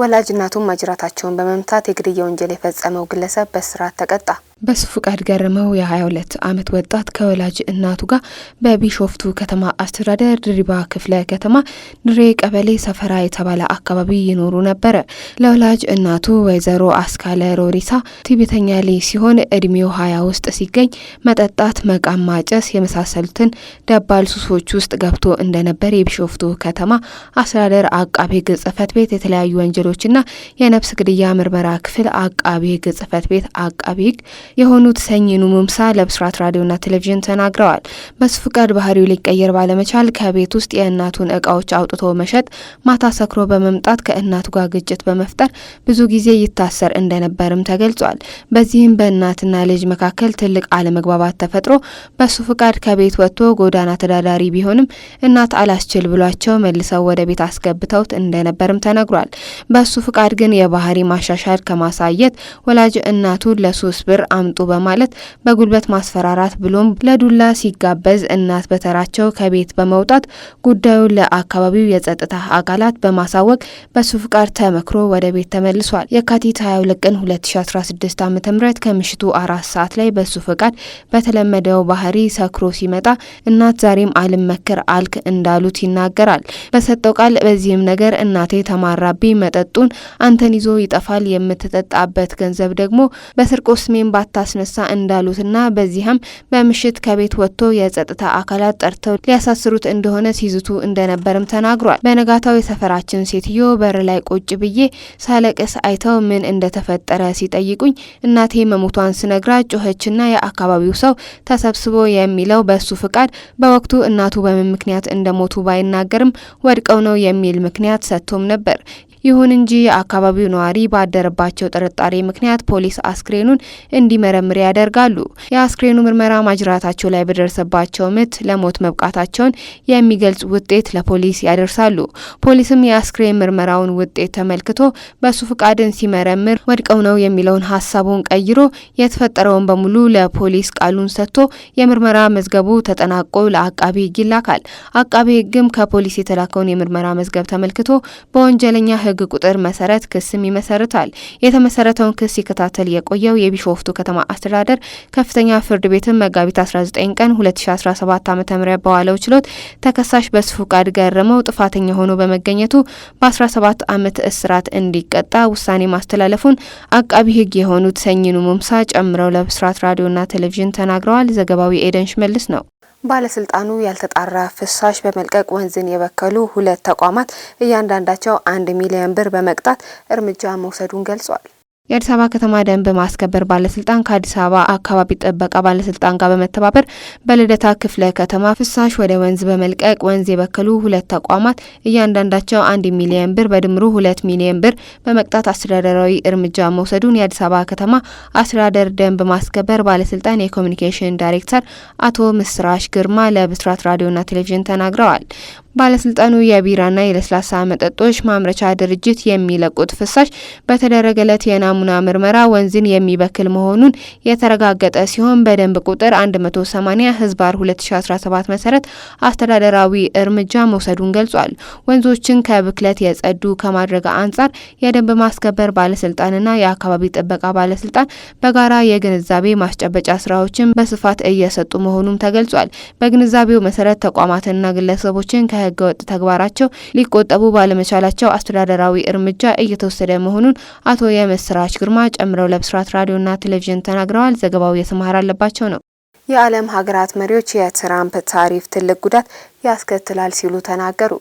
ወላጅ እናቱን ማጅራታቸውን በመምታት የግድያ ወንጀል የፈጸመው ግለሰብ በእስራት ተቀጣ። በሱ ፍቃድ ገርመው የ22 ዓመት ወጣት ከወላጅ እናቱ ጋር በቢሾፍቱ ከተማ አስተዳደር ድሪባ ክፍለ ከተማ ድሬ ቀበሌ ሰፈራ የተባለ አካባቢ ይኖሩ ነበረ። ለወላጅ እናቱ ወይዘሮ አስካለ ሮሪሳ ቲቤተኛ ልጅ ሲሆን እድሜው ሀያ ውስጥ ሲገኝ መጠጣት፣ መቃም፣ ማጨስ የመሳሰሉትን ደባል ሱሶች ውስጥ ገብቶ እንደነበር የቢሾፍቱ ከተማ አስተዳደር አቃቤ ሕግ ጽሕፈት ቤት የተለያዩ ወንጀሎችና የነፍስ ግድያ ምርመራ ክፍል አቃቤ ሕግ ጽሕፈት ቤት አቃቤ ሕግ የሆኑት ሰኝኑ ሙምሳ ለብስራት ራዲዮና ቴሌቪዥን ተናግረዋል። በሱ ፍቃድ ባህሪው ሊቀየር ባለመቻል ከቤት ውስጥ የእናቱን እቃዎች አውጥቶ መሸጥ፣ ማታ ሰክሮ በመምጣት ከእናቱ ጋር ግጭት በመፍጠር ብዙ ጊዜ ይታሰር እንደነበርም ተገልጿል። በዚህም በእናትና ልጅ መካከል ትልቅ አለመግባባት ተፈጥሮ በሱ ፍቃድ ከቤት ወጥቶ ጎዳና ተዳዳሪ ቢሆንም እናት አላስችል ብሏቸው መልሰው ወደ ቤት አስገብተውት እንደነበርም ተነግሯል። በሱ ፍቃድ ግን የባህሪ ማሻሻል ከማሳየት ወላጅ እናቱ ለሶስት ብር አምጡ በማለት በጉልበት ማስፈራራት ብሎም ለዱላ ሲጋበዝ እናት በተራቸው ከቤት በመውጣት ጉዳዩን ለአካባቢው የጸጥታ አካላት በማሳወቅ በሱፍቃር ተመክሮ ወደ ቤት ተመልሷል። የካቲት 22 ቀን 2016 ዓ ም ከምሽቱ አራት ሰዓት ላይ በሱ ፍቃድ በተለመደው ባህሪ ሰክሮ ሲመጣ እናት ዛሬም አልመከር አልክ እንዳሉት ይናገራል። በሰጠው ቃል በዚህም ነገር እናቴ ተማራቢ መጠጡን አንተን ይዞ ይጠፋል የምትጠጣበት ገንዘብ ደግሞ በስርቆ ስሜን ባት እንዳታስነሳ እንዳሉትና በዚህም በምሽት ከቤት ወጥቶ የጸጥታ አካላት ጠርተው ሊያሳስሩት እንደሆነ ሲዝቱ እንደነበርም ተናግሯል። በነጋታው የሰፈራችን ሴትዮ በር ላይ ቁጭ ብዬ ሳለቅስ አይተው ምን እንደተፈጠረ ሲጠይቁኝ እናቴ መሞቷን ስነግራ ጩኸችና የአካባቢው ሰው ተሰብስቦ የሚለው በሱ ፍቃድ በወቅቱ እናቱ በምን ምክንያት እንደሞቱ ባይናገርም ወድቀው ነው የሚል ምክንያት ሰጥቶም ነበር። ይሁን እንጂ የአካባቢው ነዋሪ ባደረባቸው ጥርጣሬ ምክንያት ፖሊስ አስክሬኑን እንዲመረምር ያደርጋሉ። የአስክሬኑ ምርመራ ማጅራታቸው ላይ በደረሰባቸው ምት ለሞት መብቃታቸውን የሚገልጽ ውጤት ለፖሊስ ያደርሳሉ። ፖሊስም የአስክሬን ምርመራውን ውጤት ተመልክቶ በሱ ፍቃድን ሲመረምር ወድቀው ነው የሚለውን ሀሳቡን ቀይሮ የተፈጠረውን በሙሉ ለፖሊስ ቃሉን ሰጥቶ የምርመራ መዝገቡ ተጠናቆ ለአቃቢ ሕግ ይላካል። አቃቢ ሕግም ከፖሊስ የተላከውን የምርመራ መዝገብ ተመልክቶ በወንጀለኛ ሕግ ህግ ቁጥር መሰረት ክስም ይመሰርታል። የተመሰረተውን ክስ ሲከታተል የቆየው የቢሾፍቱ ከተማ አስተዳደር ከፍተኛ ፍርድ ቤትም መጋቢት 19 ቀን 2017 ዓ ም በዋለው ችሎት ተከሳሽ በስፉ ቃድ ገረመው ጥፋተኛ ሆኖ በመገኘቱ በ17 ዓመት እስራት እንዲቀጣ ውሳኔ ማስተላለፉን አቃቢ ህግ የሆኑት ሰኝኑ ሙምሳ ጨምረው ለብስራት ራዲዮና ቴሌቪዥን ተናግረዋል። ዘገባዊ ኤደን ሽመልስ ነው። ባለስልጣኑ ያልተጣራ ፍሳሽ በመልቀቅ ወንዝን የበከሉ ሁለት ተቋማት እያንዳንዳቸው አንድ ሚሊዮን ብር በመቅጣት እርምጃ መውሰዱን ገልጿል። የአዲስ አበባ ከተማ ደንብ ማስከበር ባለስልጣን ከአዲስ አበባ አካባቢ ጥበቃ ባለስልጣን ጋር በመተባበር በልደታ ክፍለ ከተማ ፍሳሽ ወደ ወንዝ በመልቀቅ ወንዝ የበከሉ ሁለት ተቋማት እያንዳንዳቸው አንድ ሚሊየን ብር በድምሩ ሁለት ሚሊየን ብር በመቅጣት አስተዳደራዊ እርምጃ መውሰዱን የአዲስ አበባ ከተማ አስተዳደር ደንብ ማስከበር ባለስልጣን የኮሚኒኬሽን ዳይሬክተር አቶ ምስራሽ ግርማ ለብስራት ራዲዮና ቴሌቪዥን ተናግረዋል። ባለስልጣኑ የቢራና የለስላሳ መጠጦች ማምረቻ ድርጅት የሚለቁት ፍሳሽ በተደረገለት የናሙና ምርመራ ወንዝን የሚበክል መሆኑን የተረጋገጠ ሲሆን በደንብ ቁጥር 180 ህዝባር 2017 መሰረት አስተዳደራዊ እርምጃ መውሰዱን ገልጿል። ወንዞችን ከብክለት የጸዱ ከማድረግ አንጻር የደንብ ማስከበር ባለስልጣንና የአካባቢ ጥበቃ ባለስልጣን በጋራ የግንዛቤ ማስጨበጫ ስራዎችን በስፋት እየሰጡ መሆኑም ተገልጿል። በግንዛቤው መሰረት ተቋማትና ግለሰቦችን ከ ከህገወጥ ተግባራቸው ሊቆጠቡ ባለመቻላቸው አስተዳደራዊ እርምጃ እየተወሰደ መሆኑን አቶ የመስራች ግርማ ጨምረው ለብስራት ራዲዮና ቴሌቪዥን ተናግረዋል። ዘገባው የስማር አለባቸው ነው። የዓለም ሀገራት መሪዎች የትራምፕ ታሪፍ ትልቅ ጉዳት ያስከትላል ሲሉ ተናገሩ።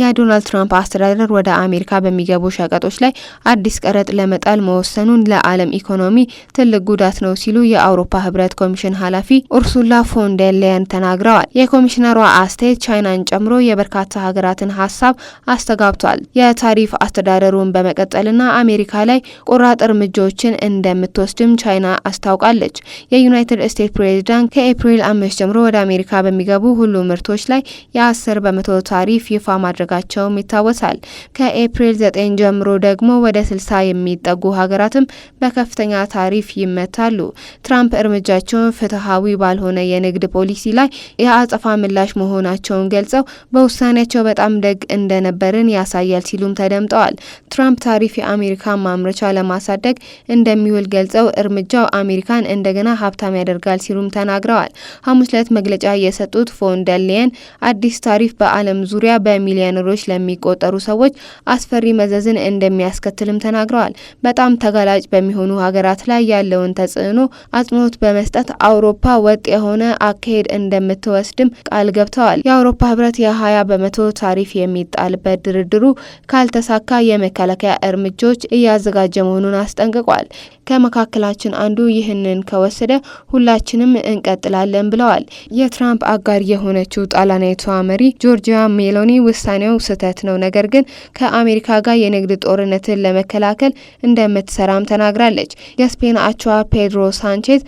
የዶናልድ ትራምፕ አስተዳደር ወደ አሜሪካ በሚገቡ ሸቀጦች ላይ አዲስ ቀረጥ ለመጣል መወሰኑን ለዓለም ኢኮኖሚ ትልቅ ጉዳት ነው ሲሉ የአውሮፓ ህብረት ኮሚሽን ኃላፊ ኡርሱላ ፎን ደር ላየን ተናግረዋል። የኮሚሽነሯ አስተያየት ቻይናን ጨምሮ የበርካታ ሀገራትን ሀሳብ አስተጋብቷል። የታሪፍ አስተዳደሩን በመቀጠልና አሜሪካ ላይ ቆራጥ እርምጃዎችን እንደምትወስድም ቻይና አስታውቃለች። የዩናይትድ ስቴትስ ፕሬዚዳንት ከኤፕሪል አምስት ጀምሮ ወደ አሜሪካ በሚገቡ ሁሉ ምርቶች ላይ የአስር በመቶ ታሪፍ ይፋ ማድረጋቸውም ይታወሳል። ከኤፕሪል 9 ጀምሮ ደግሞ ወደ 60 የሚጠጉ ሀገራትም በከፍተኛ ታሪፍ ይመታሉ። ትራምፕ እርምጃቸውን ፍትሐዊ ባልሆነ የንግድ ፖሊሲ ላይ የአጸፋ ምላሽ መሆናቸውን ገልጸው በውሳኔያቸው በጣም ደግ እንደነበርን ያሳያል ሲሉም ተደምጠዋል። ትራምፕ ታሪፍ የአሜሪካን ማምረቻ ለማሳደግ እንደሚውል ገልጸው እርምጃው አሜሪካን እንደገና ሀብታም ያደርጋል ሲሉም ተናግረዋል። ሐሙስ ዕለት መግለጫ የሰጡት ፎንደርሌየን አዲስ ታሪፍ በዓለም ዙሪያ በሚሊዮን ሮች ለሚቆጠሩ ሰዎች አስፈሪ መዘዝን እንደሚያስከትልም ተናግረዋል። በጣም ተጋላጭ በሚሆኑ ሀገራት ላይ ያለውን ተጽዕኖ አጽንኦት በመስጠት አውሮፓ ወጥ የሆነ አካሄድ እንደምትወስድም ቃል ገብተዋል። የአውሮፓ ህብረት የሀያ በመቶ ታሪፍ የሚጣልበት ድርድሩ ካልተሳካ የመከላከያ እርምጃዎች እያዘጋጀ መሆኑን አስጠንቅቋል። ከመካከላችን አንዱ ይህንን ከወሰደ ሁላችንም እንቀጥላለን ብለዋል። የትራምፕ አጋር የሆነችው ጣሊያናዊቷ መሪ ጆርጂያ ሜሎኒ ውሳኔ ውሳኔው ስህተት ነው፣ ነገር ግን ከአሜሪካ ጋር የንግድ ጦርነትን ለመከላከል እንደምትሰራም ተናግራለች። የስፔን አቻዋ ፔድሮ ሳንቼዝ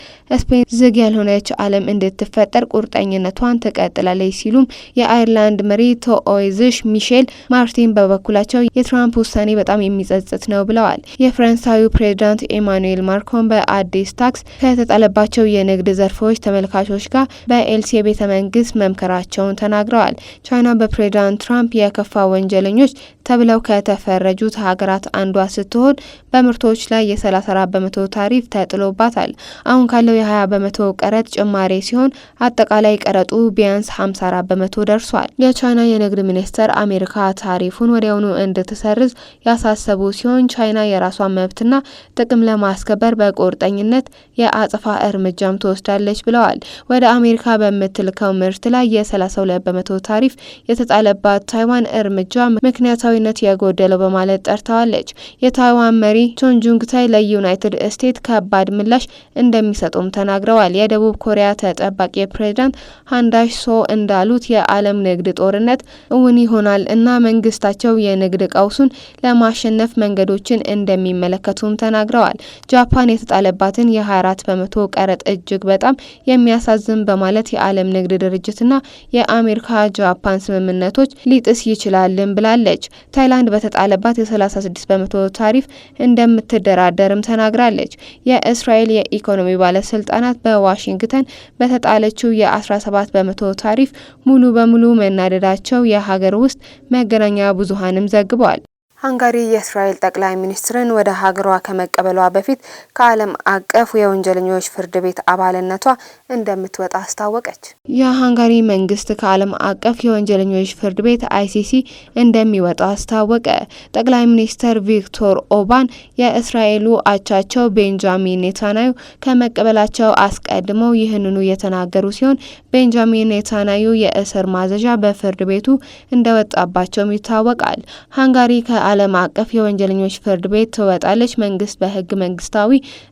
ስፔን ዝግ ያልሆነች ዓለም እንድትፈጠር ቁርጠኝነቷን ትቀጥላለች ሲሉም የአይርላንድ መሪ ቶኦይዝሽ ሚሼል ማርቲን በበኩላቸው የትራምፕ ውሳኔ በጣም የሚጸጽት ነው ብለዋል። የፈረንሳዩ ፕሬዚዳንት ኤማኑኤል ማክሮን በአዲስ ታክስ ከተጣለባቸው የንግድ ዘርፎች ተመልካቾች ጋር በኤልሴ ቤተ መንግስት መምከራቸውን ተናግረዋል። ቻይና በፕሬዚዳንት ትራምፕ የከፋ ወንጀለኞች ተብለው ከተፈረጁት ሀገራት አንዷ ስትሆን በምርቶች ላይ የ34 በመቶ ታሪፍ ተጥሎባታል። አሁን ካለው የ20 በመቶ ቀረጥ ጭማሬ ሲሆን አጠቃላይ ቀረጡ ቢያንስ 54 በመቶ ደርሷል። የቻይና የንግድ ሚኒስቴር አሜሪካ ታሪፉን ወዲያውኑ እንድትሰርዝ ያሳሰቡ ሲሆን ቻይና የራሷን መብትና ጥቅም ለማስከበር በቁርጠኝነት የአጽፋ እርምጃም ትወስዳለች ብለዋል። ወደ አሜሪካ በምትልከው ምርት ላይ የ32 በመቶ ታሪፍ የተጣለባት የታይዋን እርምጃ ምክንያታዊነት የጎደለው በማለት ጠርተዋለች። የታይዋን መሪ ቾንጁንግታይ ለዩናይትድ ስቴትስ ከባድ ምላሽ እንደሚሰጡም ተናግረዋል። የደቡብ ኮሪያ ተጠባቂ ፕሬዚዳንት ሃንዳሽ ሶ እንዳሉት የዓለም ንግድ ጦርነት እውን ይሆናል እና መንግስታቸው የንግድ ቀውሱን ለማሸነፍ መንገዶችን እንደሚመለከቱም ተናግረዋል። ጃፓን የተጣለባትን የ24 በመቶ ቀረጥ እጅግ በጣም የሚያሳዝን በማለት የዓለም ንግድ ድርጅትና የአሜሪካ ጃፓን ስምምነቶች ሊጥ ሊደርስ ይችላልን ብላለች። ታይላንድ በተጣለባት የ36 በመቶ ታሪፍ እንደምትደራደርም ተናግራለች። የእስራኤል የኢኮኖሚ ባለስልጣናት በዋሽንግተን በተጣለችው የ17 በመቶ ታሪፍ ሙሉ በሙሉ መናደዳቸው የሀገር ውስጥ መገናኛ ብዙሀንም ዘግቧል። ሃንጋሪ የእስራኤል ጠቅላይ ሚኒስትርን ወደ ሀገሯ ከመቀበሏ በፊት ከዓለም አቀፍ የወንጀለኞች ፍርድ ቤት አባልነቷ እንደምትወጣ አስታወቀች። የሃንጋሪ መንግስት ከዓለም አቀፍ የወንጀለኞች ፍርድ ቤት አይሲሲ እንደሚወጣ አስታወቀ። ጠቅላይ ሚኒስትር ቪክቶር ኦባን የእስራኤሉ አቻቸው ቤንጃሚን ኔታናዩ ከመቀበላቸው አስቀድመው ይህንኑ የተናገሩ ሲሆን ቤንጃሚን ኔታናዩ የእስር ማዘዣ በፍርድ ቤቱ እንደወጣባቸውም ይታወቃል። ሃንጋሪ ዓለም አቀፍ የወንጀለኞች ፍርድ ቤት ትወጣለች። መንግስት በህግ መንግስታዊ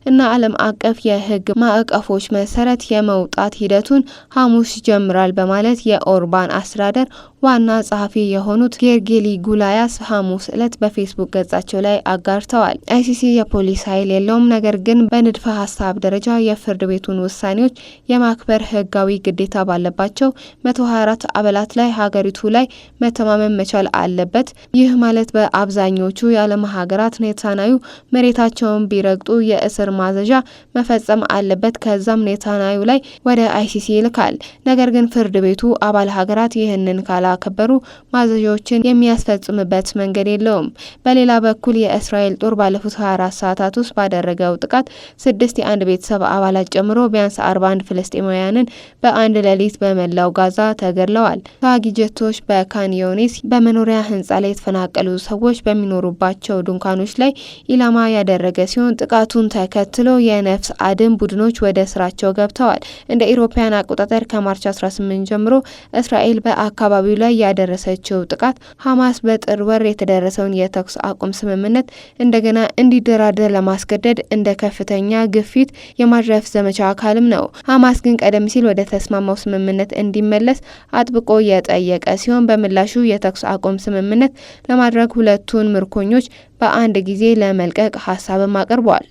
እና ዓለም አቀፍ የህግ ማዕቀፎች መሰረት የመውጣት ሂደቱን ሐሙስ ይጀምራል በማለት የኦርባን አስተዳደር ዋና ጸሐፊ የሆኑት ጌርጌሊ ጉላያስ ሐሙስ ዕለት በፌስቡክ ገጻቸው ላይ አጋርተዋል። አይሲሲ የፖሊስ ኃይል የለውም፣ ነገር ግን በንድፈ ሀሳብ ደረጃ የፍርድ ቤቱን ውሳኔዎች የማክበር ህጋዊ ግዴታ ባለባቸው 124 አባላት ላይ ሀገሪቱ ላይ መተማመን መቻል አለበት። ይህ ማለት በአብዛኞቹ የዓለም ሀገራት ኔታናዩ መሬታቸውን ቢረግጡ የእስር ማዘዣ መፈጸም አለበት። ከዛም ኔታናዩ ላይ ወደ አይሲሲ ይልካል። ነገር ግን ፍርድ ቤቱ አባል ሀገራት ይህንን ካላ እንዳከበሩ ማዘዣዎችን የሚያስፈጽምበት መንገድ የለውም። በሌላ በኩል የእስራኤል ጦር ባለፉት 24 ሰዓታት ውስጥ ባደረገው ጥቃት ስድስት የአንድ ቤተሰብ አባላት ጨምሮ ቢያንስ 41 ፍልስጤማውያንን በአንድ ሌሊት በመላው ጋዛ ተገድለዋል። ተዋጊ ጀቶች በካንዮኔስ በመኖሪያ ህንጻ ላይ የተፈናቀሉ ሰዎች በሚኖሩባቸው ድንኳኖች ላይ ኢላማ ያደረገ ሲሆን ጥቃቱን ተከትሎ የነፍስ አድን ቡድኖች ወደ ስራቸው ገብተዋል። እንደ ኢሮፓያን አቆጣጠር ከማርች 18 ጀምሮ እስራኤል በአካባቢው ላይ ያደረሰችው ጥቃት ሐማስ በጥር ወር የተደረሰውን የተኩስ አቁም ስምምነት እንደገና እንዲደራደር ለማስገደድ እንደ ከፍተኛ ግፊት የማድረፍ ዘመቻ አካልም ነው። ሐማስ ግን ቀደም ሲል ወደ ተስማማው ስምምነት እንዲመለስ አጥብቆ የጠየቀ ሲሆን በምላሹ የተኩስ አቁም ስምምነት ለማድረግ ሁለቱን ምርኮኞች በአንድ ጊዜ ለመልቀቅ ሀሳብም አቅርቧል።